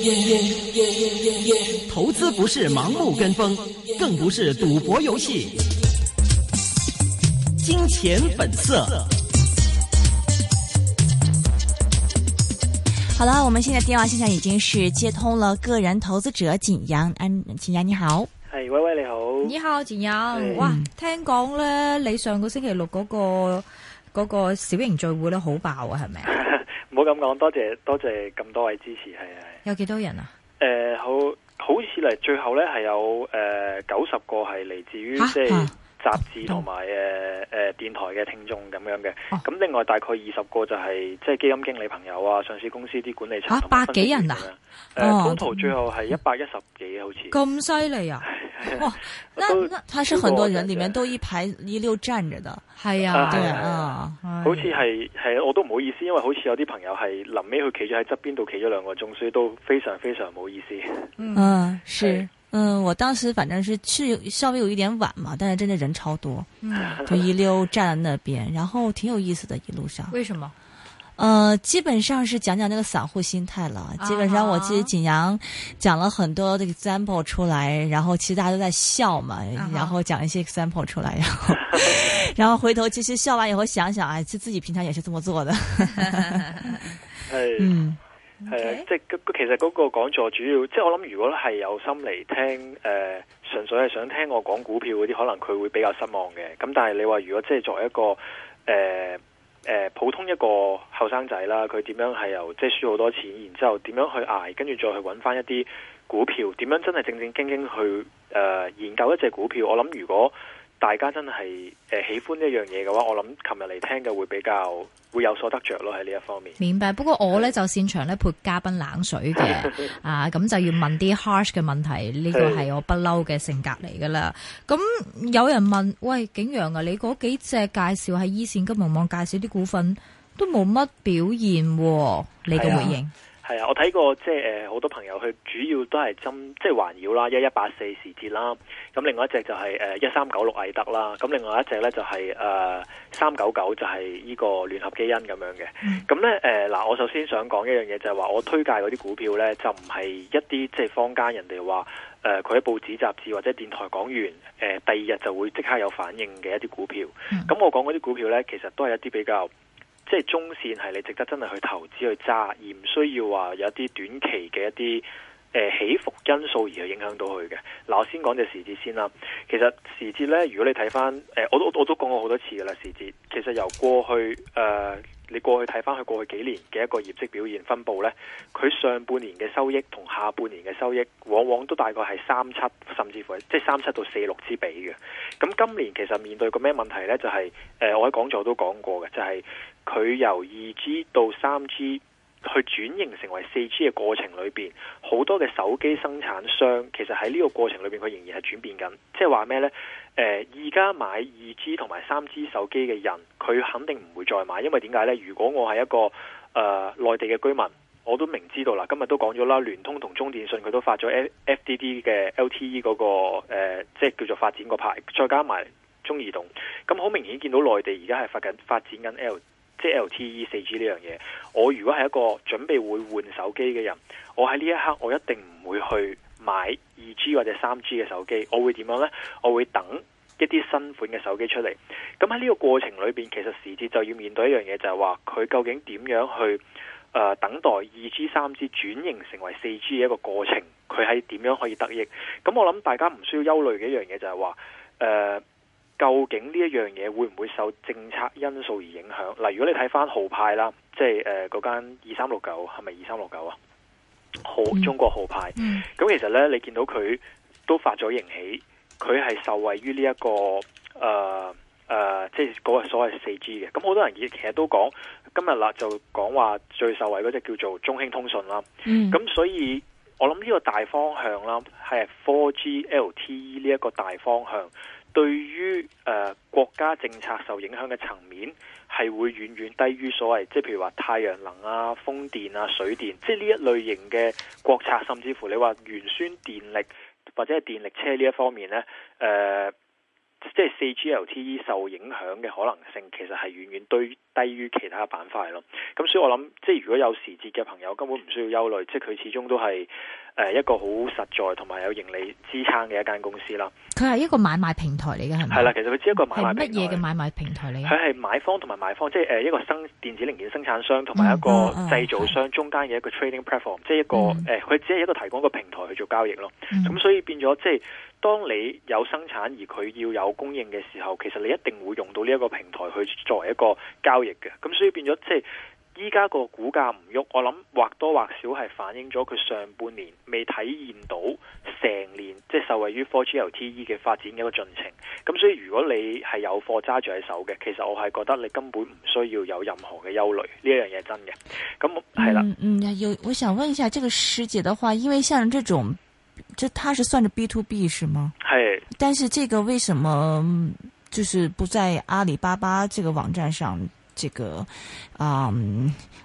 Yeah, yeah, yeah, yeah. Yeah, yeah, yeah. 投資不是盲目跟風，更不是賭博遊戲，金錢本色。好了，我們現在電話線上已經是接通了個人投資者景羊，安，景羊你好，係，喂，喂，你好，你好景羊。est 'm, 哇聽講咧，你上個星期六嗰個嗰個小型聚會都好爆啊，係咪？唔好咁講，多謝多謝咁多位支持，係啊係。有幾多人啊？誒、呃，好，好似嚟最後咧，係有誒九十個係嚟自於、啊、即係雜誌同埋誒誒電台嘅聽眾咁樣嘅。咁、啊、另外大概二十個就係、是、即係基金經理朋友啊，上市公司啲管理層、啊、百幾人啊。誒，中途最後係一百一十幾，好似咁犀利啊！ 哇，那那他是很多人裏面都一排一溜站着的，是、 哎、呀，對啊，哎、呀好像係係、哎呀，我都唔好意思，因為好似有啲朋友係臨尾佢企咗喺側邊度企咗兩個鐘，所以都非常非常唔好意思。嗯，是，嗯，我當時反正是是稍微有一點晚嘛，但是真的人超多，嗯、就一溜站在那邊，然後挺有意思的一路上。為什麼？呃，基本上是講講那個散戶心態了。Uh huh. 基本上，我記得景羊講了很多的 example 出來，然後其實大家都在笑嘛，uh huh. 然後講一些 example 出來，然後， 然後回頭其實笑完以後想想啊，自己平常也是這麼做的。係，即係其實嗰個講座主要，即係我諗，如果係有心嚟聽，誒、呃，純粹係想聽我講股票嗰啲，可能佢會比較失望嘅。咁但係你話如果即係作為一個，誒、呃。普通一個後生仔啦，佢點樣係由即係、就是、輸好多錢，然之後點樣去捱，跟住再去揾翻一啲股票，點樣真係正正經經去誒、呃、研究一隻股票。我諗如果。大家真係誒、呃、喜歡一樣嘢嘅話，我諗琴日嚟聽嘅會比較會有所得着咯，喺呢一方面。明白。不過我呢的就擅長呢潑嘉賓冷水嘅， 啊，咁就要問啲 harsh 嘅問題，呢個係我不嬲嘅性格嚟噶啦。咁的有人問，喂，景羊啊，你嗰幾隻介紹喺一線金融網介紹啲股份，都冇乜表現喎，啊，你嘅回應？係啊，我睇過即係誒好多朋友，佢主要都係針即係環繞啦，一一八四時節啦，咁另外一隻就係誒一三九六毅德啦，咁另外一隻咧就係誒三九九，就係呢個聯合基因咁樣嘅。咁咧誒嗱，我首先想講一樣嘢就係話，我推介嗰啲股票咧，就唔係一啲即係坊間人哋話誒佢喺報紙雜誌或者電台講完誒、呃、第二日就會即刻有反應嘅一啲股票。咁我講嗰啲股票咧，其實都係一啲比較。即係中線係你值得真係去投資去揸，而唔需要話有一啲短期嘅一啲誒、呃、起伏因素而去影響到佢嘅。嗱，我先講隻時節先啦。其實時節咧，如果你睇翻誒，我都我都講過好多次㗎喇。時節其實由過去誒、呃，你過去睇翻佢過去幾年嘅一個業績表現分佈咧，佢上半年嘅收益同下半年嘅收益往往都大概係三七，甚至乎即係三七到四六之比嘅。咁今年其實面對個咩問題咧？就係、是、誒、呃，我喺講座都講過嘅，就係、是。佢由二 G 到三 G 去轉型成為四 G 嘅過程裏邊，好多嘅手機生產商其實喺呢個過程裏邊，佢仍然係轉變緊。即係話咩呢？呃，而家買二 G 同埋三 G 手機嘅人，佢肯定唔會再買，因為點解呢？如果我係一個誒，內地嘅居民，我都明知道啦。今日都講咗啦，聯通同中電信佢都發咗 FDD 嘅 LTE 嗰個誒，即係叫做發展個牌。再加埋中移動，咁好明顯見到內地而家係發緊發展緊 L。即係 LTE 四 G 呢樣嘢，我如果係一個準備會換手機嘅人，我喺呢一刻我一定唔會去買二 G 或者三 G 嘅手機，我會點樣呢？我會等一啲新款嘅手機出嚟。咁喺呢個過程裏邊，其實時至就要面對一樣嘢，就係話佢究竟點樣去誒、呃、等待二 G、三 G 轉型成為四 G 嘅一個過程，佢係點樣可以得益？咁我諗大家唔需要憂慮嘅一樣嘢就係話誒。呃究竟呢一樣嘢會唔會受政策因素而影響？嗱、啊，如果你睇翻豪派啦，即係誒嗰間二三六九係咪二三六九啊？呃、69, 是是豪中國豪派，咁、嗯嗯、其實呢，你見到佢都發咗型起，佢係受惠於呢、這、一個誒誒、呃呃，即係嗰個所謂四 G 嘅。咁好多人其實都講今日啦，就講話最受惠嗰隻叫做中興通訊啦。咁、嗯、所以我諗呢個大方向啦，係四 G LTE 呢一個大方向。對於誒、呃、國家政策受影響嘅層面，係會遠遠低於所謂即係譬如話太陽能啊、風電啊、水電，即係呢一類型嘅國策，甚至乎你話原先電力或者係電力車呢一方面呢，誒、呃，即係四 G L T E 受影響嘅可能性，其實係遠遠對低，低於其他板塊咯。咁所以我諗，即係如果有時節嘅朋友根本唔需要憂慮，即係佢始終都係。誒一個好實在同埋有盈利支撐嘅一間公司啦。佢係一個買賣平台嚟嘅，係咪？係啦，其實佢只一個買賣平台。乜嘢嘅買賣平台嚟？佢係買方同埋賣方，即係誒一個生電子零件生產商同埋一個製造商中間嘅一個 trading platform，嗯、即係一個誒，佢、嗯、只係一個提供一個平台去做交易咯。咁、嗯、所以變咗，即係當你有生產而佢要有供應嘅時候，其實你一定會用到呢一個平台去作為一個交易嘅。咁所以變咗，即係。依家個股價唔喐，我諗或多或少係反映咗佢上半年未體現到成年，即係受惠於 4G LTE 嘅發展嘅一個進程。咁所以如果你係有貨揸住喺手嘅，其實我係覺得你根本唔需要有任何嘅憂慮。呢一樣嘢真嘅。咁係啦。嗯嗯，有我想問一下，這個師姐的話，因為像這種，這他是算着 B to B 是嗎？係的。但是這個為什麼就是不在阿里巴巴這個網站上？即、這個啊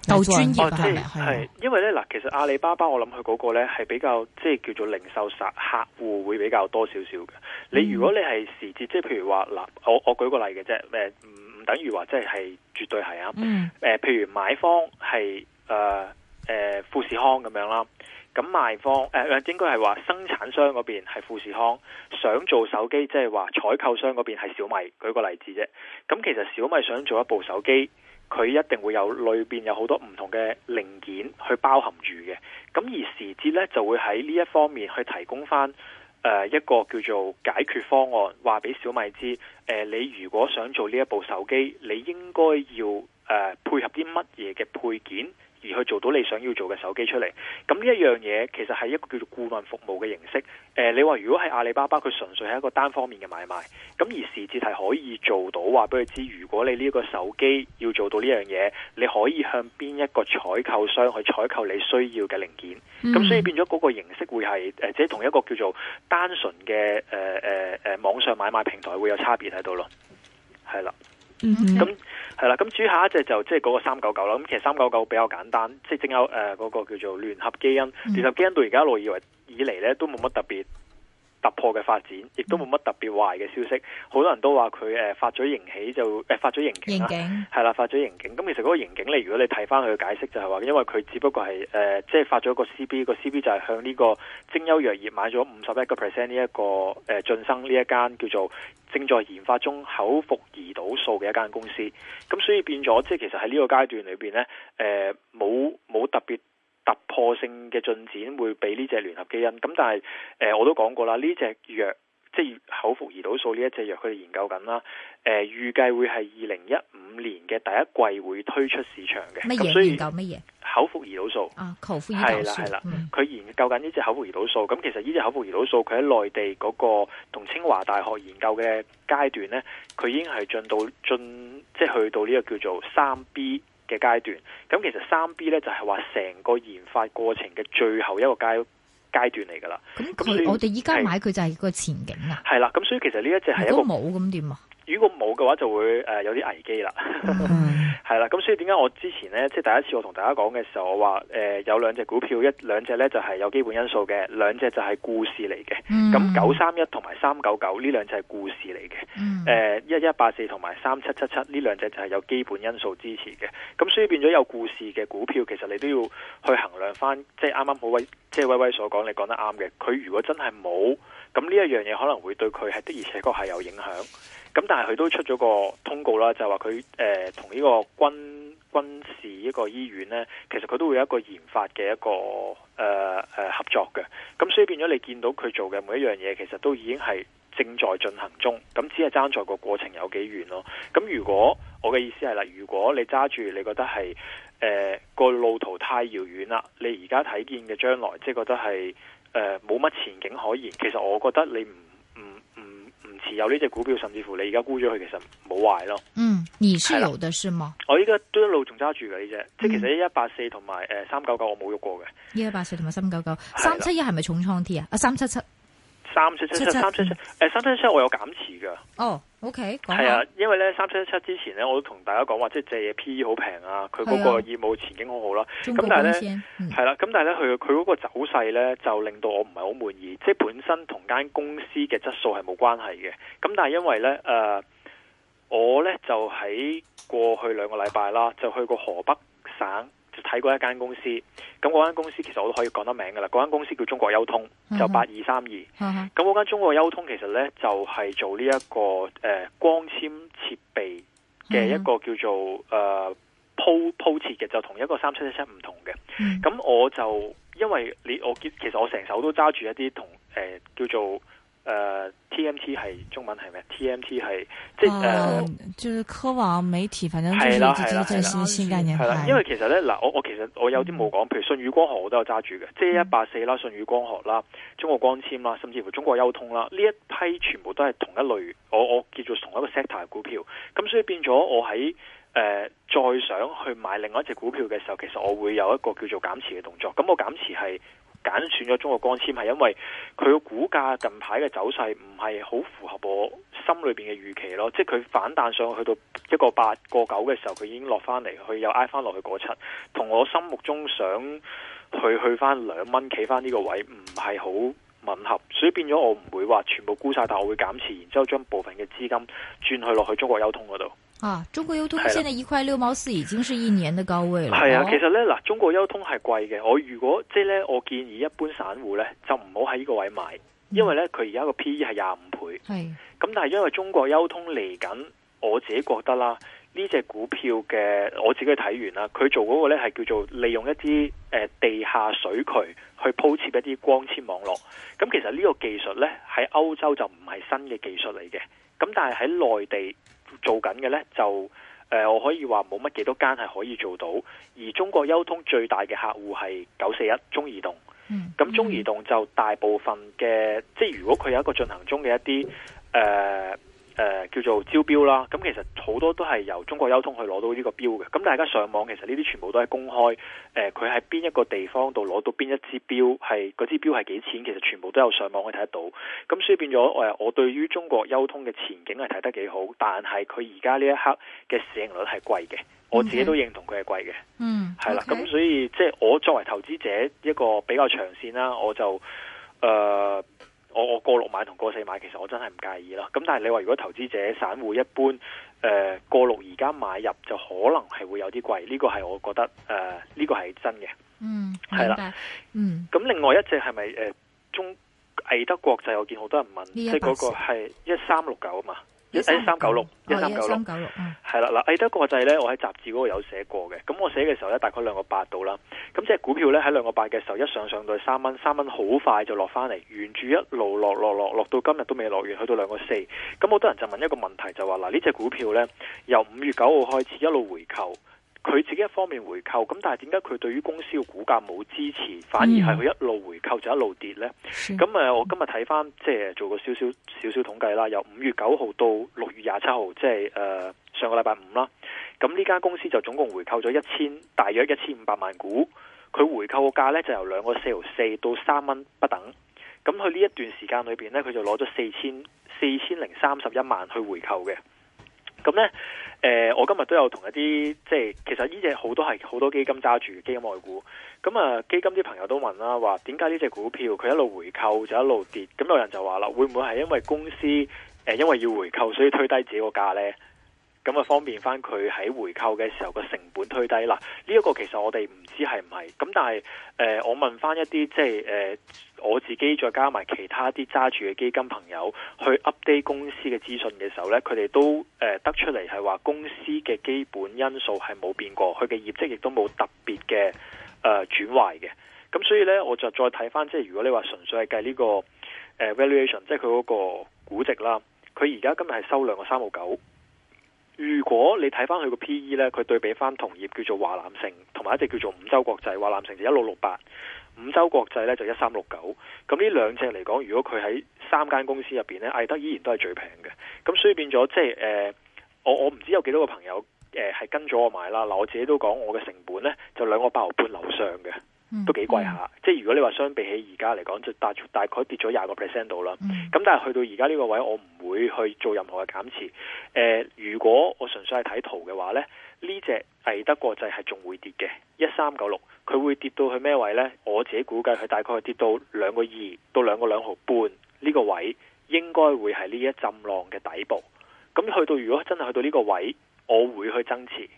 舊專業係 Okay. 是因為咧嗱，其實阿里巴巴我諗佢嗰個咧係比較即係、就是、叫做零售實客戶會比較多少少嘅。嗯、你如果你係時節，即係譬如話嗱，我我舉個例嘅啫，誒唔唔等於話即係絕對係啊。誒、嗯呃，譬如買方係誒。呃誒、呃，富士康咁樣啦，咁賣方誒、呃，應該係話生產商嗰邊係富士康，想做手機，即係話採購商嗰邊係小米，舉個例子啫。咁其實小米想做一部手機，佢一定會有裏邊有好多唔同嘅零件去包含住嘅。咁而時之呢，就會喺呢一方面去提供翻誒、呃、一個叫做解決方案，話俾小米知，誒、呃、你如果想做呢一部手機，你應該要誒、呃、配合啲乜嘢嘅配件。而去做到你想要做嘅手機出嚟，咁呢一樣嘢其實，係一個叫做顧問服務嘅形式。誒、呃，你話如果係阿里巴巴，佢純粹係一個單方面嘅買賣，咁而時至係可以做到話俾佢知，如果你呢個手機要做到呢樣嘢，你可以向邊一個採購商去採購你需要嘅零件。咁、嗯、所以變咗嗰個形式會係誒、呃、即係同一個叫做單純嘅誒誒誒網上買賣平台會有差別喺度咯。係啦。 Okay. 嗯，咁係啦，咁至於下一隻就即係嗰個三九九啦。咁其實三九九比較簡單，即係正有誒嗰個叫做聯合基因，聯合基因到而家一路以為以嚟咧都冇乜特別突破嘅發展，亦都冇乜特別壞嘅消息。好多人都話佢誒發咗盈喜，就、呃、誒發咗盈警啦，係啦，發咗盈警。咁、嗯、其實嗰個盈警，你如果你睇翻佢嘅解釋，就係話，因為佢只不過係誒，即、呃、係、就是、發咗個 CB，個 CB 就係向呢個精優藥業買咗五十一個 percent 呢一個誒進生呢一間叫做正在研發中口服胰島素嘅一間公司。咁、嗯、所以變咗，即係其實喺呢個階段裏邊呢，誒冇冇特別，突破性嘅進展會俾呢隻聯合基因，咁但係，誒、呃，我都講過啦，呢隻藥即係口服胰島素呢一隻藥，佢哋研究緊啦，誒、呃，預計會係二零一五年嘅第一季會推出市場嘅。乜嘢麼研究乜嘢？口服胰島素啊，口服胰島素係啦係啦，佢研究緊呢隻口服胰島素。咁其實呢隻口服胰島素，佢喺內地嗰個同清華大學研究嘅階段咧，佢已經係進到，進，即係去到呢個叫做三 B。嘅階段，咁其實三 B 咧就係話成個研發過程嘅最後一個階階段嚟㗎啦。咁佢以我哋依家買佢就係個前景啊。係啦，咁所以其實呢一隻係一個冇咁點啊。如果冇嘅話，就會誒有啲危機啦、mm。係、hmm. 啦， 咁所以點解我之前呢？即係第一次我同大家講嘅時候，我話誒、呃、有兩隻股票，一兩隻呢就係、是、有基本因素嘅，兩隻就係故事嚟嘅。咁九三一同埋三九九呢兩隻係故事嚟嘅。誒一一八四同埋三七七七呢兩隻就係有基本因素支持嘅。咁所以變咗有故事嘅股票，其實你都要去衡量翻。即係啱啱好威，即係威威所講，你講得啱嘅。佢如果真係冇，咁呢一樣嘢可能會對佢係的而且確係有影響。咁但係佢都出咗個通告啦，就話佢誒同呢個軍軍事一個醫院咧，其實佢都會有一個研發嘅一個誒誒、呃呃、合作嘅。咁所以變咗你見到佢做嘅每一樣嘢，其實都已經係正在進行中。咁只係爭在個過程有幾遠咯。咁如果我嘅意思係啦，如果你揸住你覺得係誒個路途太遙遠啦，你而家睇見嘅將來，即係覺得係誒冇乜前景可言。其實我覺得你唔。持有呢隻股票，甚至乎你而家沽咗佢，其實冇壞咯。嗯，你是有的是嗎？我依家都一路仲揸住嘅呢隻，即係其實一八四同埋誒三九九我冇喐過嘅。一八四同埋三九九，三七一係咪重倉添啊？啊三七七。三七七,七七七三七七，誒、哎，三七七我有減持噶。哦，OK，係啊，因為咧三七七七之前咧，我都同大家講話，即係借嘢 P E 好平啊，佢嗰個業務前景好好、啊、啦。咁、啊、但領呢先，係啦，咁、嗯啊、但係咧佢佢嗰個走勢咧就令到我唔係好滿意，即係本身同間公司嘅質素係冇關係嘅。咁但係因為咧誒、呃，我咧就喺過去兩個禮拜啦，就去過河北省。就睇過一間公司，咁嗰間公司其實我都可以講得名㗎喇。嗰間公司叫中國優通，就八二三二。咁嗰間中國優通其實呢，就係、是、做呢、這、一個誒、呃、光纖設備嘅一個叫做誒、呃、鋪鋪設嘅，就同一個三七七七唔同嘅。咁 我就因為你我其實我成手都揸住一啲同誒叫做。誒，TMT 係中文係咩？TMT 係即係誒，uh, uh, 就係科網媒體，反正係啦，係啦，係啦，新概念牌。因為其實咧，嗱，我我其實我有啲冇講，譬如信宇光學我都有揸住嘅，即係一百四啦，信宇光學啦，中國光纖啦，甚至乎中國優通啦，呢一批全部都係同一類，我我叫做同一個 sector 股票。咁所以變咗我喺誒、呃、再想去買另外一隻股票嘅時候，其實我會有一個叫做減持嘅動作。咁我減持係。揀選咗中國光纖，係因為佢個股價近排嘅走勢唔係好符合我心裏邊嘅預期咯，即係佢反彈上去到一個八一個九嘅時候，佢已經落翻嚟，佢又挨翻落去嗰七，同我心目中想去去翻兩蚊企翻呢個位唔係好吻合，所以變咗我唔會話全部沽晒，但我會減持，然之後將部分嘅資金轉去落去中國優通嗰度。啊！中國優通現在一塊六毛四已經是一年的高位了。係啊，的哦、其實咧嗱，中國優通係貴嘅。我如果即係咧，我建議一般散戶咧就唔好喺呢個位買，因為咧佢而家個 PE 係廿五倍。係咁的，但係因為中國優通嚟緊，我自己覺得啦，呢、這、隻、個、股票嘅我自己睇完啦，佢做嗰個咧係叫做利用一啲誒、呃、地下水渠去鋪設一啲光纖網絡。咁其實呢個技術咧喺歐洲就唔係新嘅技術嚟嘅，咁但係喺內地。做緊嘅咧就誒、呃，我可以話冇乜幾多間係可以做到，而中國優通最大嘅客戶係九四一中移動，咁、嗯、中移動就大部分嘅即係如果佢有一個進行中嘅一啲誒。呃誒、呃，叫做招標啦，咁、嗯、其實好多都係由中國優通去攞到呢個標嘅。咁、嗯、大家上網，其實呢啲全部都係公開。誒、呃，佢喺邊一個地方度攞到邊一支標，係嗰支標係幾錢，其實全部都有上網可以睇得到。咁、嗯、所以變咗，誒、呃，我對於中國優通嘅前景係睇得幾好，但係佢而家呢一刻嘅市盈率係貴嘅，我自己都認同佢係貴嘅。嗯，係啦，咁所以即係我作為投資者一個比較長線啦，我就誒。呃我我過六買同過四買，其實我真係唔介意啦。咁但係你話如果投資者散戶一般，誒、呃、過六而家買入就可能係會有啲貴，呢、這個係我覺得誒呢、呃這個係真嘅。嗯，係啦，了嗯。咁另外一隻係咪誒中毅德國際？我見好多人問，即係嗰個係一三六九嘛？一三九六，一三九六，係啦、嗯，嗱，艾德國際咧，我喺雜誌嗰個有寫過嘅，咁我寫嘅時候咧，大概兩個八度啦，咁隻股票咧喺兩個八嘅時候一上上到三蚊，三蚊好快就落翻嚟，沿住一路落落落，落到今日都未落完，去到兩個四，咁好多人就問一個問題，就話嗱，呢隻股票咧由五月九號開始一路回購。佢自己一方面回購，咁但係點解佢對於公司嘅股價冇支持，反而係佢一路回購就一路跌呢？咁啊的，我今日睇翻即係做個少少少少統計啦，由五月九號到六月廿七號，即係誒上個禮拜五啦。咁呢間公司就總共回購咗一千大約一千五百萬股，佢回購個價呢，就由兩個四毫四到三蚊不等。咁佢呢一段時間裏邊呢，佢就攞咗四千四千零三十一萬去回購嘅。咁咧，誒、呃，我今日都有同一啲，即係其實呢隻好多係好多基金揸住嘅基金外股。咁啊，基金啲朋友都問啦，話點解呢隻股票佢一路回購就一路跌？咁有人就話啦，會唔會係因為公司誒、呃、因為要回購，所以推低自己個價咧？咁啊，就方便翻佢喺回購嘅時候個成本推低啦。呢一個其實我哋唔知係唔係。咁但係誒、呃，我問翻一啲即係誒、呃、我自己再加埋其他啲揸住嘅基金朋友去 update 公司嘅資訊嘅時候呢，佢哋都誒、呃、得出嚟係話公司嘅基本因素係冇變過，佢嘅業績亦都冇特別嘅誒、呃、轉壞嘅。咁所以呢，我就再睇翻即係如果你話純粹係計呢、呢個誒、呃、valuation，即係佢嗰個估值啦。佢而家今日係收兩個三毫九。如果你睇翻佢個 P E 咧，佢對比翻同業叫做華南城，同埋一隻叫做五洲國際，華南城就一六六八，五洲國際咧就一三六九。咁呢兩隻嚟講，如果佢喺三間公司入邊咧，毅德依然都係最平嘅。咁所以變咗即係誒、呃，我我唔知有幾多個朋友誒係、呃、跟咗我買啦。嗱，我自己都講我嘅成本咧，就兩個八毫半樓上嘅。都幾貴下，嗯、即係如果你話相比起而家嚟講，就大大概跌咗廿個 percent 度啦。咁、嗯、但係去到而家呢個位，我唔會去做任何嘅減持。誒、呃，如果我純粹係睇圖嘅話咧，呢隻毅德國際係仲會跌嘅，一三九六，佢會跌到去咩位呢？我自己估計佢大概係跌到兩個二到兩個兩毫半呢個位，應該會係呢一浸浪嘅底部。咁去到如果真係去到呢個位，我會去增持。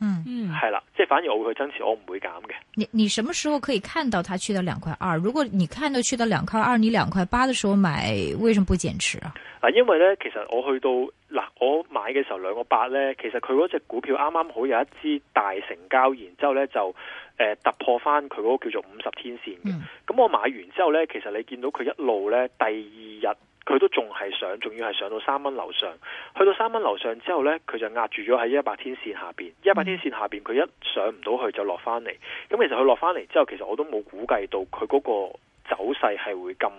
嗯嗯，係啦，即係反而我會去增持，我唔會減嘅。你你什麼時候可以看到它去到兩塊二？如果你看到去到兩塊二，你兩塊八的時候買，為什麼不減持啊？嗱，因為咧，其實我去到嗱，我買嘅時候兩個八咧，其實佢嗰隻股票啱啱好有一支大成交，然之後咧就誒、呃、突破翻佢嗰個叫做五十天線嘅。咁、嗯嗯、我買完之後咧，其實你見到佢一路咧，第二日。佢都仲係上，仲要係上到三蚊樓上，去到三蚊樓上之後呢，佢就壓住咗喺一百天線下邊，一百天線下邊佢一上唔到去就落返嚟，咁其實佢落返嚟之後，其實我都冇估計到佢嗰個走勢係會咁。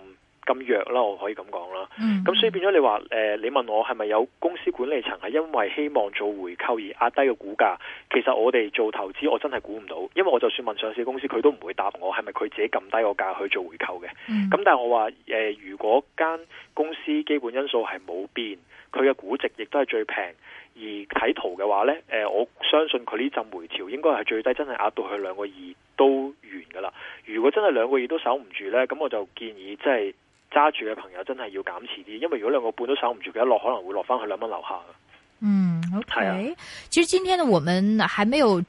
咁弱啦，我可以咁講啦。咁、嗯、所以變咗你話，誒、呃，你問我係咪有公司管理層係因為希望做回購而壓低個股價？其實我哋做投資，我真係估唔到，因為我就算問上市公司，佢都唔會答我係咪佢自己撳低個價去做回購嘅。咁、嗯、但係我話，誒、呃，如果間公司基本因素係冇變，佢嘅估值亦都係最平，而睇圖嘅話呢，誒、呃，我相信佢呢陣回調應該係最低，真係壓到去兩個二都完噶啦。如果真係兩個二都守唔住呢，咁我就建議即係。揸住嘅朋友真係要減持啲，因為如果兩個半都守唔住，佢一落可能會落翻去兩蚊樓下。嗯，係、okay、啊。至於今天呢，我們還沒有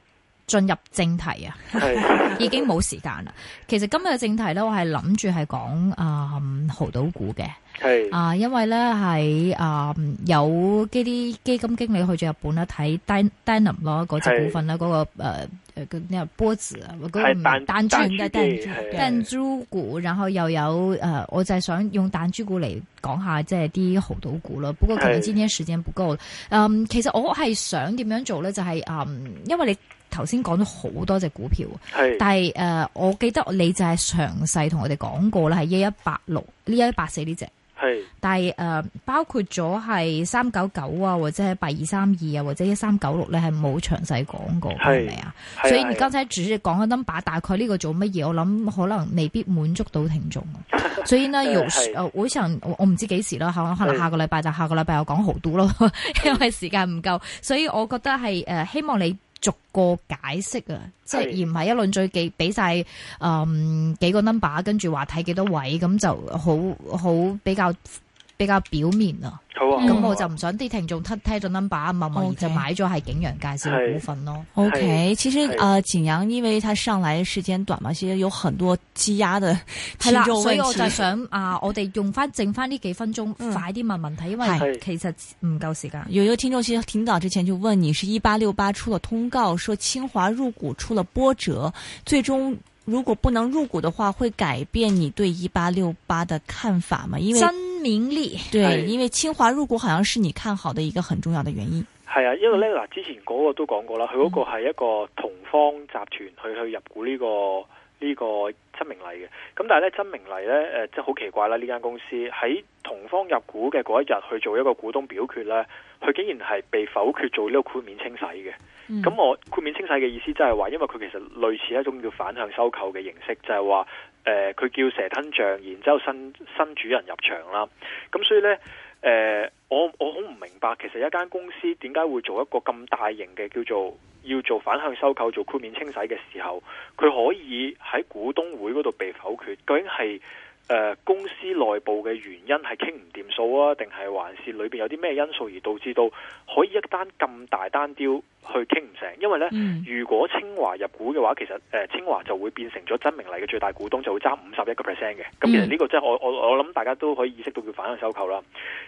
進入正題啊， 已經冇時間啦。其實今日嘅正題呢，我係諗住係講啊，濠賭股嘅。係是啊，因為呢喺啊、嗯、有基啲基金經理去咗日本啦，睇 Dynam 咯，嗰隻股份啦，嗰、是、那個誒。呃跟啲啊波子，或者彈彈珠嘅彈彈珠股，的然後又有誒、呃，我就係想用彈珠股嚟講下，即係啲豪賭股啦。不過佢哋的今天時間不夠。嗯，其實我係想點樣做咧，就係、是、嗯，因為你頭先講咗好多隻股票，的但係誒、呃，我記得你就係詳細同我哋講過啦，係一一八六呢，一一八四呢隻。係，但係誒、呃，包括咗係三九九啊，或者係八二三二啊，或者一三九六咧，係冇詳細講過，係咪啊？所以你剛才只是講一 number，大概呢個做乜嘢？我諗可能未必滿足到聽眾。 是所以呢，由誒是、呃，我唔知幾時啦，可能下個禮拜，是拜就下個禮拜我講豪賭咯，因為時間唔夠。所以我覺得係誒、呃，希望你。逐個解釋啊，即係而唔係一輪最記俾晒。誒、嗯、幾個 number，跟住話睇幾多位，咁就好好比較。比較表面好啊，咁、嗯嗯、我就唔想啲聽眾聽聽到 number，默默就買咗係景陽介紹嘅股份咯。O、okay, K，其前啊，前、呃、景陽，因為他上嚟時間短嘛，其實有很多積壓的聽眾問題。所以我就想啊、呃，我哋用翻剩翻呢幾分鐘，嗯、快啲問問題，因為其實唔夠時間。有一個聽眾其實挺早之前就問你，是一八六八出了通告，說清華入股出了波折，最終。如果不能入股的話，會改變你對一八六八的看法嗎？因為真明麗，對，對因為清華入股，好像是你看好的一個很重要的原因。係啊，因為咧嗱，嗯、之前嗰個都講過啦，佢嗰個係一個同方集團去去入股、這個嗯、個呢個呢個真明麗嘅。咁但係咧，真明麗咧，誒，即係好奇怪啦，呢間公司喺同方入股嘅嗰一日去做一個股東表決咧，佢竟然係被否決做呢個豁免清洗嘅。咁、嗯、我豁免清洗嘅意思，即係話，因為佢其實類似一種叫反向收購嘅形式就、呃，就係話，誒，佢叫蛇吞象，然之後新新主人入場啦。咁所以咧，誒、呃，我我好唔明白，其實一間公司點解會做一個咁大型嘅叫做要做反向收購，做豁免清洗嘅時候，佢可以喺股東會嗰度被否決，究竟係？誒、呃、公司內部嘅原因係傾唔掂數啊？定係還是裏邊有啲咩因素而導致到可以一單咁大單調去傾唔成？因為呢，mm. 如果清華入股嘅話，其實誒、呃、清華就會變成咗真明麗嘅最大股東，就會爭五十一個 percent 嘅。咁其實呢個即、就、係、是、我我我諗大家都可以意識到叫反向收購啦。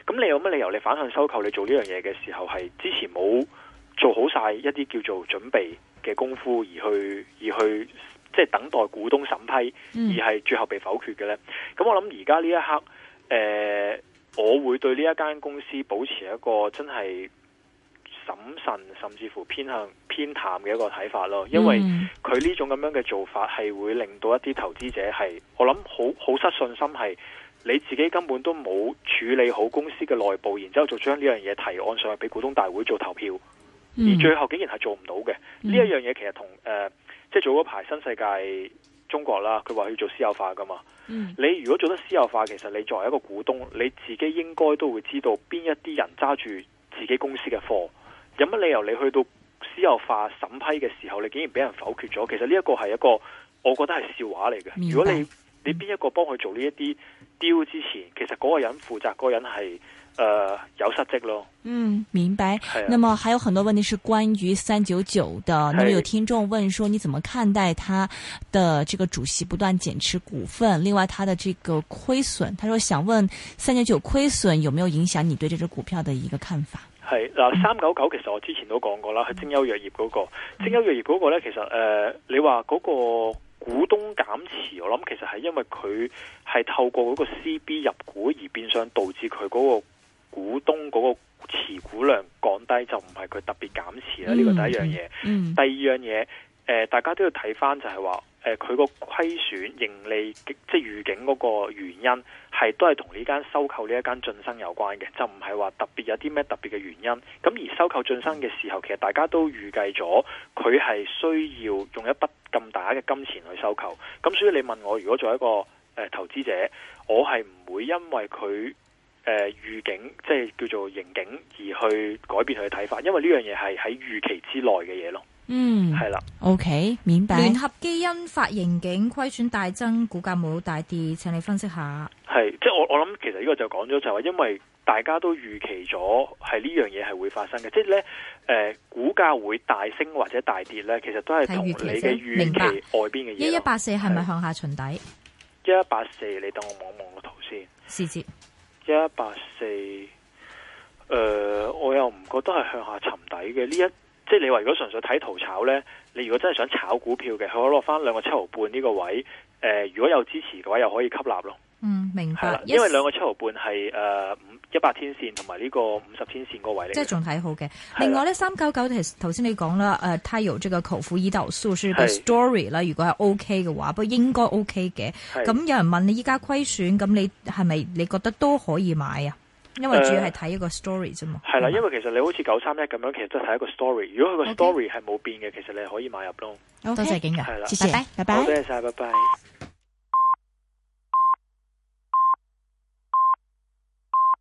咁你有乜理由你反向收購？你做呢樣嘢嘅時候係之前冇做好晒一啲叫做準備嘅功夫而去而去？而去即係等待股東審批，而係最後被否決嘅咧。咁我諗而家呢一刻，誒、呃，我會對呢一間公司保持一個真係審慎，甚至乎偏向偏淡嘅一個睇法咯。因為佢呢種咁樣嘅做法，係會令到一啲投資者係我諗好好失信心，係你自己根本都冇處理好公司嘅內部，然之後就將呢樣嘢提案上去俾股東大會做投票，而最後竟然係做唔到嘅。呢、嗯、一樣嘢其實同誒、呃即係做嗰排新世界中國啦，佢話要做私有化噶嘛。Mm. 你如果做得私有化，其實你作為一個股東，你自己應該都會知道邊一啲人揸住自己公司嘅貨，有乜理由你去到私有化審批嘅時候，你竟然俾人否決咗？其實呢一個係一個，我覺得係笑話嚟嘅。對如果你你邊一個幫佢做呢一啲 deal 之前，其實嗰個人負責嗰個人係。誒、呃，有失職咯。嗯，明白。係的。那麼還有很多問題是關於三九九的。的那麼有聽眾問說，你怎麼看待他的這個主席不斷減持股份？另外，他的這個虧損，他說想問三九九虧損有沒有影響你對這隻股票的一個看法？係嗱，三九九其實我之前都講過啦，係精優藥業嗰、那個、嗯、精優藥業嗰個咧，其實誒、呃，你話嗰個股東減持，我諗其實係因為佢係透過嗰個 CB 入股而變相導致佢嗰個。股東嗰個持股量降低就唔係佢特別減持啦，呢個第一樣嘢。嗯、第二樣嘢，誒、呃、大家都要睇翻就係話，誒佢個虧損盈利即係預警嗰個原因，係都係同呢間收購呢一間晉身有關嘅，就唔係話特別有啲咩特別嘅原因。咁而收購晉身嘅時候，其實大家都預計咗佢係需要用一筆咁大嘅金錢去收購，咁所以你問我，如果作為一個誒、呃、投資者，我係唔會因為佢。誒、呃，預警即係叫做盈警，而去改變佢嘅睇法，因為呢樣嘢係喺預期之內嘅嘢咯。嗯，係啦了，OK，明白。聯合基因發盈警虧損大增，股價冇大跌，請你分析下。係，即係我我諗，其實呢個就講咗就係，是，因為大家都預期咗係呢樣嘢係會發生嘅，即係呢，誒、呃，股價會大升或者大跌呢，其實都係同你嘅預期外邊嘅嘢。一一八四係咪向下循底？一一八四，你等我望一望個圖先。是之。一八四，誒、呃，我又唔覺得係向下沉底嘅。呢一即係你話如果純粹睇圖炒呢，你如果真係想炒股票嘅，佢可落翻兩個七毫半呢個位。誒、呃，如果有支持嘅話，又可以吸納咯。明白，因為兩個七毫半係誒五一百天綫同埋呢個五十天綫個位咧，即係仲睇好嘅。另外咧，三九九頭先你講啦，誒，Tayo 呢個求富伊投訴，所以個 story 啦，如果係 OK 嘅話，不過應該 OK 嘅。咁有人問你依家虧損，咁你係咪你覺得都可以買啊？因為主要係睇一個 story 啫嘛。係啦，因為其實你好似九三一咁樣，其實都睇一個 story。如果佢個 story 係冇變嘅，其實你可以買入咯。多謝景羊，拜拜，拜拜。